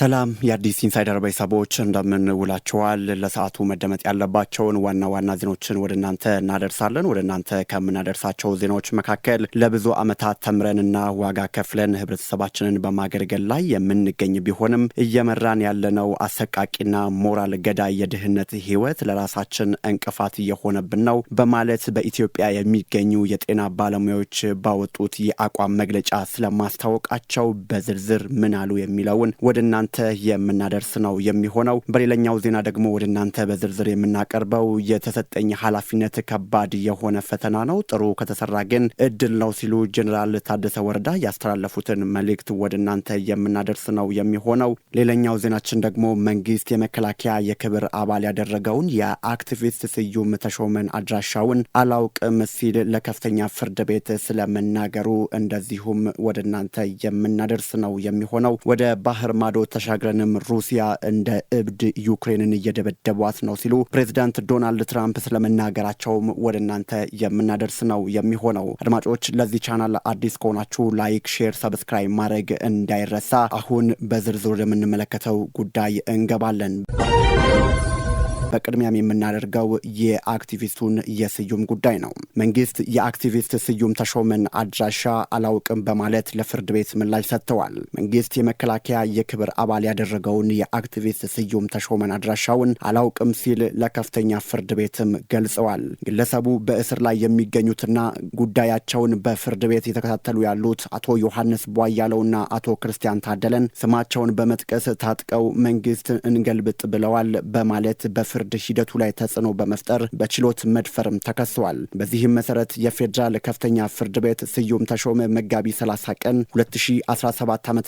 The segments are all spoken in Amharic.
ሰላም የአዲስ ኢንሳይደር ቤተሰቦች እንደምንውላቸዋል ለሰዓቱ መደመጥ ያለባቸውን ዋና ዋና ዜናዎችን ወደ እናንተ እናደርሳለን። ወደ እናንተ ከምናደርሳቸው ዜናዎች መካከል ለብዙ ዓመታት ተምረንና ዋጋ ከፍለን ህብረተሰባችንን በማገልገል ላይ የምንገኝ ቢሆንም እየመራን ያለነው አሰቃቂና ሞራል ገዳይ የድህነት ህይወት ለራሳችን እንቅፋት እየሆነብን ነው በማለት በኢትዮጵያ የሚገኙ የጤና ባለሙያዎች ባወጡት የአቋም መግለጫ ስለማስታወቃቸው በዝርዝር ምን አሉ የሚለውን ወደ እናንተ እናንተ የምናደርስ ነው የሚሆነው። በሌላኛው ዜና ደግሞ ወደ እናንተ በዝርዝር የምናቀርበው የተሰጠኝ ኃላፊነት ከባድ የሆነ ፈተና ነው፣ ጥሩ ከተሰራ ግን እድል ነው ሲሉ ጀኔራል ታደሰ ወረዳ ያስተላለፉትን መልእክት ወደ እናንተ የምናደርስ ነው የሚሆነው። ሌላኛው ዜናችን ደግሞ መንግስት የመከላከያ የክብር አባል ያደረገውን የአክቲቪስት ስዩም ተሾመን አድራሻውን አላውቅም ሲል ለከፍተኛ ፍርድ ቤት ስለመናገሩ እንደዚሁም ወደ እናንተ የምናደርስ ነው የሚሆነው። ወደ ባህር ማዶ ተሻግረንም ሩሲያ እንደ እብድ ዩክሬንን እየደበደቧት ነው ሲሉ ፕሬዚዳንት ዶናልድ ትራምፕ ስለመናገራቸውም ወደ እናንተ የምናደርስ ነው የሚሆነው። አድማጮች ለዚህ ቻናል አዲስ ከሆናችሁ ላይክ፣ ሼር፣ ሰብስክራይብ ማድረግ እንዳይረሳ። አሁን በዝርዝር የምንመለከተው ጉዳይ እንገባለን። በቅድሚያም የምናደርገው የአክቲቪስቱን የስዩም ጉዳይ ነው። መንግስት የአክቲቪስት ስዩም ተሾመን አድራሻ አላውቅም በማለት ለፍርድ ቤት ምላሽ ሰጥተዋል። መንግስት የመከላከያ የክብር አባል ያደረገውን የአክቲቪስት ስዩም ተሾመን አድራሻውን አላውቅም ሲል ለከፍተኛ ፍርድ ቤትም ገልጸዋል። ግለሰቡ በእስር ላይ የሚገኙትና ጉዳያቸውን በፍርድ ቤት የተከታተሉ ያሉት አቶ ዮሐንስ ቧያለውና አቶ ክርስቲያን ታደለን ስማቸውን በመጥቀስ ታጥቀው መንግስት እንገልብጥ ብለዋል በማለት በፍ የፍርድ ሂደቱ ላይ ተጽዕኖ በመፍጠር በችሎት መድፈርም ተከሰዋል። በዚህም መሰረት የፌዴራል ከፍተኛ ፍርድ ቤት ስዩም ተሾመ መጋቢ 30 ቀን 2017 ዓ ም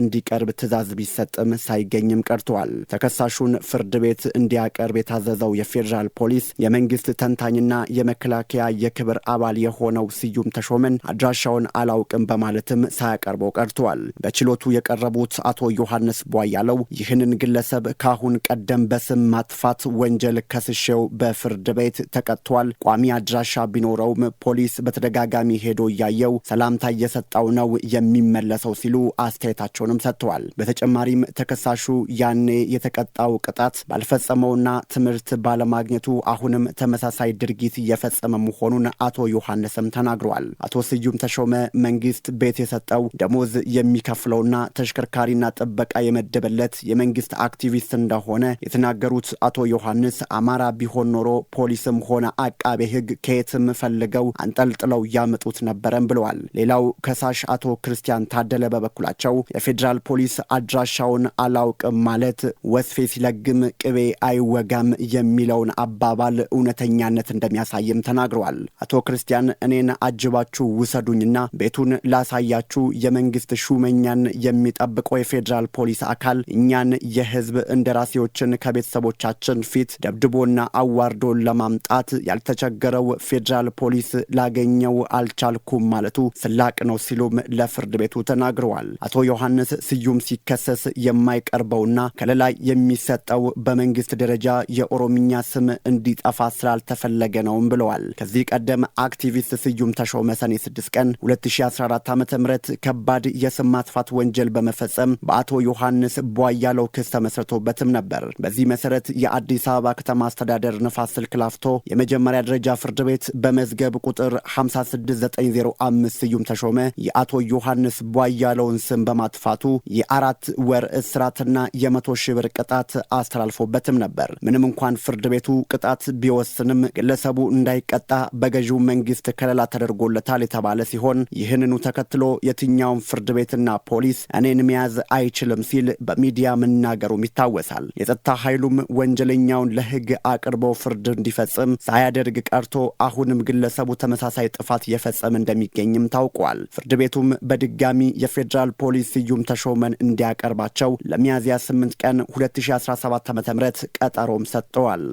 እንዲቀርብ ትዕዛዝ ቢሰጥም ሳይገኝም ቀርተዋል። ተከሳሹን ፍርድ ቤት እንዲያቀርብ የታዘዘው የፌዴራል ፖሊስ የመንግስት ተንታኝና የመከላከያ የክብር አባል የሆነው ስዩም ተሾመን አድራሻውን አላውቅም በማለትም ሳያቀርበው ቀርተዋል። በችሎቱ የቀረቡት አቶ ዮሐንስ ቧያለው ይህንን ግለሰብ ከአሁን ቀደም በስም ማጥፋት ወንጀል ከስሼው በፍርድ ቤት ተቀጥቷል። ቋሚ አድራሻ ቢኖረውም ፖሊስ በተደጋጋሚ ሄዶ እያየው ሰላምታ እየሰጠው ነው የሚመለሰው ሲሉ አስተያየታቸውንም ሰጥተዋል። በተጨማሪም ተከሳሹ ያኔ የተቀጣው ቅጣት ባልፈጸመውና ትምህርት ባለማግኘቱ አሁንም ተመሳሳይ ድርጊት እየፈጸመ መሆኑን አቶ ዮሐንስም ተናግረዋል። አቶ ስዩም ተሾመ መንግስት ቤት የሰጠው ደሞዝ የሚከፍለውና ተሽከርካሪና ጥበቃ የመደበለት የመንግስት አክቲቪስት እንደሆነ የተናገሩት አቶ ዮሐንስ ዮሐንስ አማራ ቢሆን ኖሮ ፖሊስም ሆነ አቃቤ ሕግ ከየትም ፈልገው አንጠልጥለው ያመጡት ነበረም ብለዋል። ሌላው ከሳሽ አቶ ክርስቲያን ታደለ በበኩላቸው የፌዴራል ፖሊስ አድራሻውን አላውቅም ማለት ወስፌ ሲለግም ቅቤ አይወጋም የሚለውን አባባል እውነተኛነት እንደሚያሳይም ተናግረዋል። አቶ ክርስቲያን እኔን አጅባችሁ ውሰዱኝና ቤቱን ላሳያችሁ የመንግስት ሹመኛን የሚጠብቀው የፌዴራል ፖሊስ አካል እኛን የህዝብ እንደራሴዎችን ከቤተሰቦቻችን ፊት ደብድቦና አዋርዶን ለማምጣት ያልተቸገረው ፌዴራል ፖሊስ ላገኘው አልቻልኩም ማለቱ ስላቅ ነው ሲሉም ለፍርድ ቤቱ ተናግረዋል። አቶ ዮሐንስ ስዩም ሲከሰስ የማይቀርበውና ከለላ የሚሰጠው በመንግስት ደረጃ የኦሮምኛ ስም እንዲጠፋ ስላልተፈለገ ነውም ብለዋል። ከዚህ ቀደም አክቲቪስት ስዩም ተሾመ ሰኔ 6 ቀን 2014 ዓ ም ከባድ የስም ማጥፋት ወንጀል በመፈጸም በአቶ ዮሐንስ ቧያለው ክስ ተመስርቶበትም ነበር። በዚህ መሰረት የአዲስ የአዲስ አበባ ከተማ አስተዳደር ንፋስ ስልክ ላፍቶ የመጀመሪያ ደረጃ ፍርድ ቤት በመዝገብ ቁጥር 56905 ስዩም ተሾመ የአቶ ዮሐንስ ቧያለውን ስም በማጥፋቱ የአራት ወር እስራትና የመቶ ሺህ ብር ቅጣት አስተላልፎበትም ነበር። ምንም እንኳን ፍርድ ቤቱ ቅጣት ቢወስንም ግለሰቡ እንዳይቀጣ በገዢው መንግስት ከለላ ተደርጎለታል የተባለ ሲሆን ይህንኑ ተከትሎ የትኛውም ፍርድ ቤትና ፖሊስ እኔን መያዝ አይችልም ሲል በሚዲያ መናገሩም ይታወሳል። የጸጥታ ኃይሉም ወንጀለኛ ወንጀለኛውን ለህግ አቅርቦ ፍርድ እንዲፈጽም ሳያደርግ ቀርቶ አሁንም ግለሰቡ ተመሳሳይ ጥፋት እየፈጸመ እንደሚገኝም ታውቋል። ፍርድ ቤቱም በድጋሚ የፌዴራል ፖሊስ ስዩም ተሾመን እንዲያቀርባቸው ለሚያዝያ 8 ቀን 2017 ዓ ም ቀጠሮም ሰጥተዋል።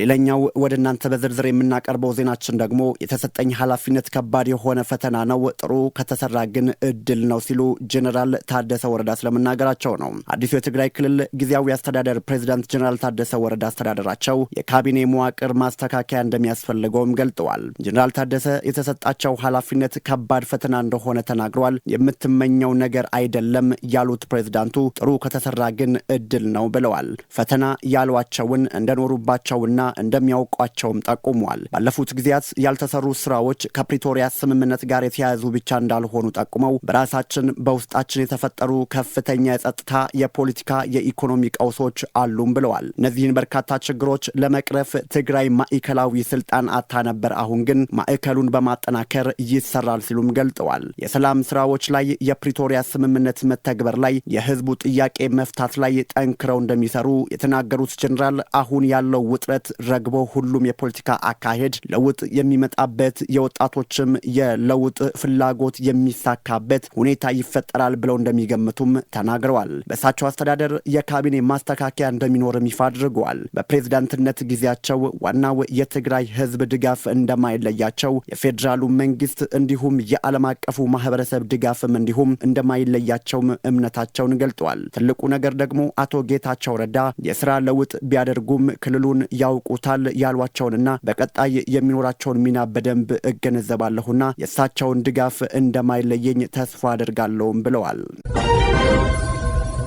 ሌላኛው ወደ እናንተ በዝርዝር የምናቀርበው ዜናችን ደግሞ የተሰጠኝ ኃላፊነት ከባድ የሆነ ፈተና ነው፣ ጥሩ ከተሰራ ግን እድል ነው ሲሉ ጀኔራል ታደሰ ወረዳ ስለመናገራቸው ነው። አዲሱ የትግራይ ክልል ጊዜያዊ አስተዳደር ፕሬዚዳንት ጀኔራል ታደሰ ወረዳ አስተዳደራቸው የካቢኔ መዋቅር ማስተካከያ እንደሚያስፈልገውም ገልጠዋል። ጀኔራል ታደሰ የተሰጣቸው ኃላፊነት ከባድ ፈተና እንደሆነ ተናግረዋል። የምትመኘው ነገር አይደለም ያሉት ፕሬዚዳንቱ ጥሩ ከተሰራ ግን እድል ነው ብለዋል። ፈተና ያሏቸውን እንደኖሩባቸውና እንደሚያውቋቸውም ጠቁሟል። ባለፉት ጊዜያት ያልተሰሩ ስራዎች ከፕሪቶሪያ ስምምነት ጋር የተያያዙ ብቻ እንዳልሆኑ ጠቁመው በራሳችን በውስጣችን የተፈጠሩ ከፍተኛ የጸጥታ፣ የፖለቲካ፣ የኢኮኖሚ ቀውሶች አሉም ብለዋል። እነዚህን በርካታ ችግሮች ለመቅረፍ ትግራይ ማዕከላዊ ስልጣን አታ ነበር። አሁን ግን ማዕከሉን በማጠናከር ይሰራል ሲሉም ገልጠዋል። የሰላም ስራዎች ላይ፣ የፕሪቶሪያ ስምምነት መተግበር ላይ፣ የህዝቡ ጥያቄ መፍታት ላይ ጠንክረው እንደሚሰሩ የተናገሩት ጀኔራል አሁን ያለው ውጥረት ረግቦ ሁሉም የፖለቲካ አካሄድ ለውጥ የሚመጣበት የወጣቶችም የለውጥ ፍላጎት የሚሳካበት ሁኔታ ይፈጠራል ብለው እንደሚገምቱም ተናግረዋል። በእሳቸው አስተዳደር የካቢኔ ማስተካከያ እንደሚኖርም ይፋ አድርገዋል። በፕሬዝዳንትነት ጊዜያቸው ዋናው የትግራይ ህዝብ ድጋፍ እንደማይለያቸው የፌዴራሉ መንግስት እንዲሁም የዓለም አቀፉ ማህበረሰብ ድጋፍም እንዲሁም እንደማይለያቸውም እምነታቸውን ገልጠዋል። ትልቁ ነገር ደግሞ አቶ ጌታቸው ረዳ የስራ ለውጥ ቢያደርጉም ክልሉን ያው ያውቁታል ያሏቸውንና በቀጣይ የሚኖራቸውን ሚና በደንብ እገነዘባለሁና የእሳቸውን ድጋፍ እንደማይለየኝ ተስፋ አድርጋለሁም ብለዋል።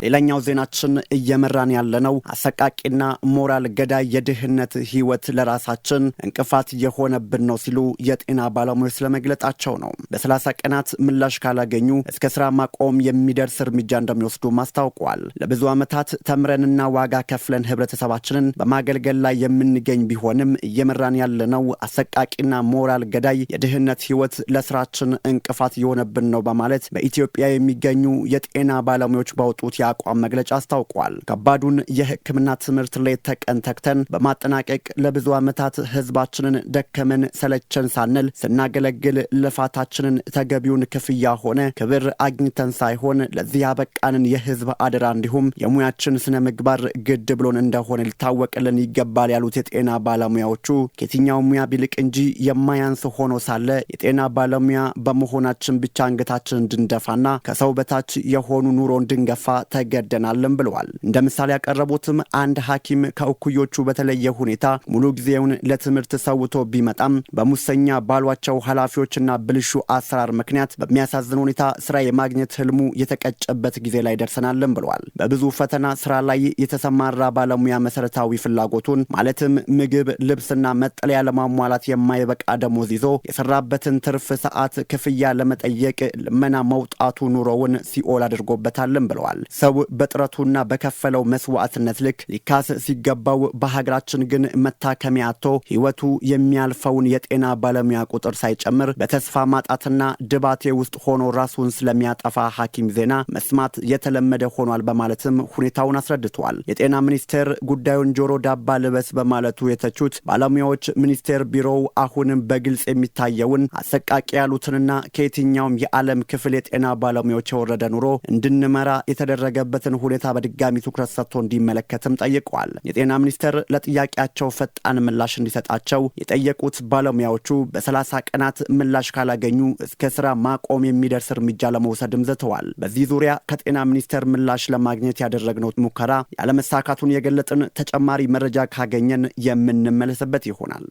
ሌላኛው ዜናችን እየመራን ያለነው አሰቃቂና ሞራል ገዳይ የድህነት ህይወት ለራሳችን እንቅፋት የሆነብን ነው ሲሉ የጤና ባለሙያዎች ስለመግለጣቸው ነው። በሰላሳ ቀናት ምላሽ ካላገኙ እስከ ስራ ማቆም የሚደርስ እርምጃ እንደሚወስዱ አስታውቋል። ለብዙ ዓመታት ተምረንና ዋጋ ከፍለን ህብረተሰባችንን በማገልገል ላይ የምንገኝ ቢሆንም እየመራን ያለነው አሰቃቂና ሞራል ገዳይ የድህነት ህይወት ለስራችን እንቅፋት የሆነብን ነው በማለት በኢትዮጵያ የሚገኙ የጤና ባለሙያዎች ባወጡት የአቋም መግለጫ አስታውቋል። ከባዱን የሕክምና ትምህርት ሌት ተቀን በማጠናቀቅ ለብዙ ዓመታት ህዝባችንን ደከመን ሰለቸን ሳንል ስናገለግል ልፋታችንን ተገቢውን ክፍያ ሆነ ክብር አግኝተን ሳይሆን ለዚህ ያበቃንን የህዝብ አደራ እንዲሁም የሙያችን ስነ ምግባር ግድ ብሎን እንደሆነ ሊታወቅልን ይገባል ያሉት የጤና ባለሙያዎቹ ከየትኛው ሙያ ቢልቅ እንጂ የማያንስ ሆኖ ሳለ የጤና ባለሙያ በመሆናችን ብቻ አንገታችን እንድንደፋና ከሰው በታች የሆኑ ኑሮ እንድንገፋ ተገደናለን ብለዋል። እንደ ምሳሌ ያቀረቡትም አንድ ሐኪም ከእኩዮቹ በተለየ ሁኔታ ሙሉ ጊዜውን ለትምህርት ሰውቶ ቢመጣም በሙሰኛ ባሏቸው ኃላፊዎችና ብልሹ አሰራር ምክንያት በሚያሳዝን ሁኔታ ስራ የማግኘት ህልሙ የተቀጨበት ጊዜ ላይ ደርሰናለን ብለዋል። በብዙ ፈተና ስራ ላይ የተሰማራ ባለሙያ መሰረታዊ ፍላጎቱን ማለትም ምግብ፣ ልብስና መጠለያ ለማሟላት የማይበቃ ደሞዝ ይዞ የሰራበትን ትርፍ ሰዓት ክፍያ ለመጠየቅ ልመና መውጣቱ ኑሮውን ሲኦል አድርጎበታልን ብለዋል። ሰው በጥረቱና በከፈለው መስዋዕትነት ልክ ሊካስ ሲገባው በሀገራችን ግን መታከሚያ አጥቶ ሕይወቱ የሚያልፈውን የጤና ባለሙያ ቁጥር ሳይጨምር በተስፋ ማጣትና ድባቴ ውስጥ ሆኖ ራሱን ስለሚያጠፋ ሐኪም ዜና መስማት የተለመደ ሆኗል በማለትም ሁኔታውን አስረድተዋል። የጤና ሚኒስቴር ጉዳዩን ጆሮ ዳባ ልበስ በማለቱ የተቹት ባለሙያዎች ሚኒስቴር ቢሮው አሁንም በግልጽ የሚታየውን አሰቃቂ ያሉትንና ከየትኛውም የዓለም ክፍል የጤና ባለሙያዎች የወረደ ኑሮ እንድንመራ የተደረገ የተደረገበትን ሁኔታ በድጋሚ ትኩረት ሰጥቶ እንዲመለከትም ጠይቀዋል። የጤና ሚኒስቴር ለጥያቄያቸው ፈጣን ምላሽ እንዲሰጣቸው የጠየቁት ባለሙያዎቹ በሰላሳ ቀናት ምላሽ ካላገኙ እስከ ስራ ማቆም የሚደርስ እርምጃ ለመውሰድም ዘተዋል። በዚህ ዙሪያ ከጤና ሚኒስቴር ምላሽ ለማግኘት ያደረግነው ሙከራ ያለመሳካቱን የገለጥን ተጨማሪ መረጃ ካገኘን የምንመለስበት ይሆናል።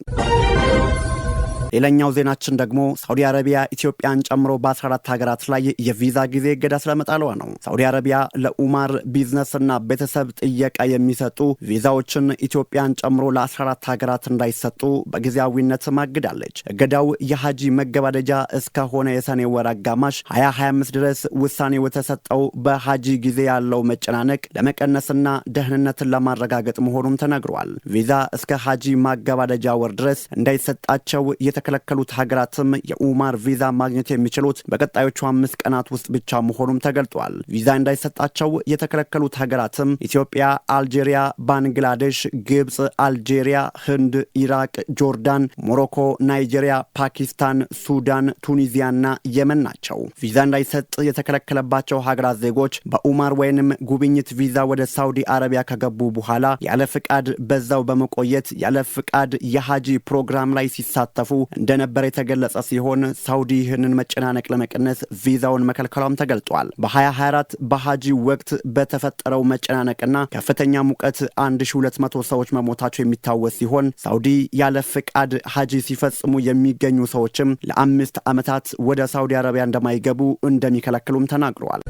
ሌላኛው ዜናችን ደግሞ ሳውዲ አረቢያ ኢትዮጵያን ጨምሮ በ14 ሀገራት ላይ የቪዛ ጊዜ እገዳ ስለመጣለዋ ነው። ሳውዲ አረቢያ ለኡማር ቢዝነስ ና ቤተሰብ ጥየቃ የሚሰጡ ቪዛዎችን ኢትዮጵያን ጨምሮ ለ14 ሀገራት እንዳይሰጡ በጊዜያዊነት ማግዳለች። እገዳው የሀጂ መገባደጃ እስከሆነ የሰኔ ወር አጋማሽ 2025 ድረስ ውሳኔው የተሰጠው በሀጂ ጊዜ ያለው መጨናነቅ ለመቀነስና ደህንነትን ለማረጋገጥ መሆኑም ተነግሯል። ቪዛ እስከ ሀጂ ማገባደጃ ወር ድረስ እንዳይሰጣቸው የተ የተከለከሉት ሀገራትም የኡማር ቪዛ ማግኘት የሚችሉት በቀጣዮቹ አምስት ቀናት ውስጥ ብቻ መሆኑም ተገልጧል። ቪዛ እንዳይሰጣቸው የተከለከሉት ሀገራትም ኢትዮጵያ፣ አልጄሪያ፣ ባንግላዴሽ፣ ግብፅ፣ አልጄሪያ፣ ህንድ፣ ኢራቅ፣ ጆርዳን፣ ሞሮኮ፣ ናይጄሪያ፣ ፓኪስታን፣ ሱዳን፣ ቱኒዚያና የመን ናቸው። ቪዛ እንዳይሰጥ የተከለከለባቸው ሀገራት ዜጎች በኡማር ወይንም ጉብኝት ቪዛ ወደ ሳውዲ አረቢያ ከገቡ በኋላ ያለ ፍቃድ በዛው በመቆየት ያለ ፍቃድ የሀጂ ፕሮግራም ላይ ሲሳተፉ እንደነበረ የተገለጸ ሲሆን ሳውዲ ይህንን መጨናነቅ ለመቀነስ ቪዛውን መከልከሏም ተገልጧል። በ2024 በሀጂ ወቅት በተፈጠረው መጨናነቅና ከፍተኛ ሙቀት 1200 ሰዎች መሞታቸው የሚታወስ ሲሆን ሳውዲ ያለ ፍቃድ ሀጂ ሲፈጽሙ የሚገኙ ሰዎችም ለአምስት ዓመታት ወደ ሳውዲ አረቢያ እንደማይገቡ እንደሚከለክሉም ተናግረዋል።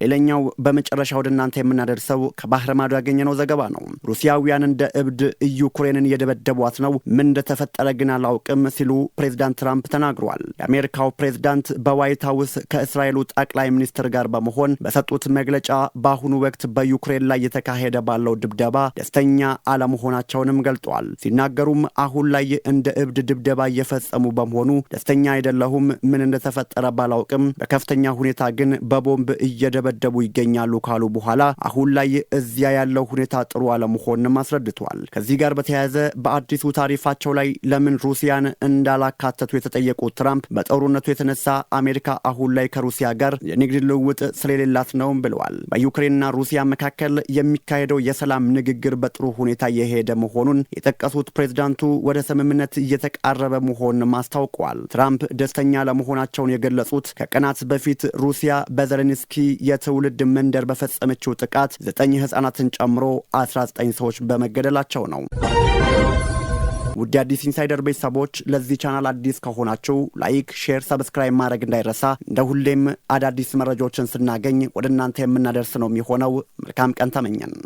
ሌላኛው በመጨረሻ ወደ እናንተ የምናደርሰው ከባህረ ማዶ ያገኘነው ዘገባ ነው። ሩሲያውያን እንደ እብድ ዩክሬንን እየደበደቧት ነው፣ ምን እንደተፈጠረ ግን አላውቅም ሲሉ ፕሬዚዳንት ትራምፕ ተናግሯል። የአሜሪካው ፕሬዚዳንት በዋይት ሀውስ ከእስራኤሉ ጠቅላይ ሚኒስትር ጋር በመሆን በሰጡት መግለጫ በአሁኑ ወቅት በዩክሬን ላይ የተካሄደ ባለው ድብደባ ደስተኛ አለመሆናቸውንም ገልጧል። ሲናገሩም አሁን ላይ እንደ እብድ ድብደባ እየፈጸሙ በመሆኑ ደስተኛ አይደለሁም፣ ምን እንደተፈጠረ ባላውቅም፣ በከፍተኛ ሁኔታ ግን በቦምብ እየደበ እየተደበደቡ ይገኛሉ ካሉ በኋላ አሁን ላይ እዚያ ያለው ሁኔታ ጥሩ አለመሆንም አስረድቷል። ከዚህ ጋር በተያያዘ በአዲሱ ታሪፋቸው ላይ ለምን ሩሲያን እንዳላካተቱ የተጠየቁት ትራምፕ በጦርነቱ የተነሳ አሜሪካ አሁን ላይ ከሩሲያ ጋር የንግድ ልውውጥ ስለሌላት ነውም ብለዋል። በዩክሬንና ሩሲያ መካከል የሚካሄደው የሰላም ንግግር በጥሩ ሁኔታ የሄደ መሆኑን የጠቀሱት ፕሬዝዳንቱ ወደ ስምምነት እየተቃረበ መሆንም አስታውቋል። ትራምፕ ደስተኛ ለመሆናቸውን የገለጹት ከቀናት በፊት ሩሲያ በዘለንስኪ የትውልድ መንደር በፈጸመችው ጥቃት ዘጠኝ ህጻናትን ጨምሮ 19 ሰዎች በመገደላቸው ነው። ውድ አዲስ ኢንሳይደር ቤተሰቦች ለዚህ ቻናል አዲስ ከሆናችሁ ላይክ፣ ሼር፣ ሰብስክራይብ ማድረግ እንዳይረሳ። እንደ ሁሌም አዳዲስ መረጃዎችን ስናገኝ ወደ እናንተ የምናደርስ ነው የሚሆነው። መልካም ቀን ተመኘን።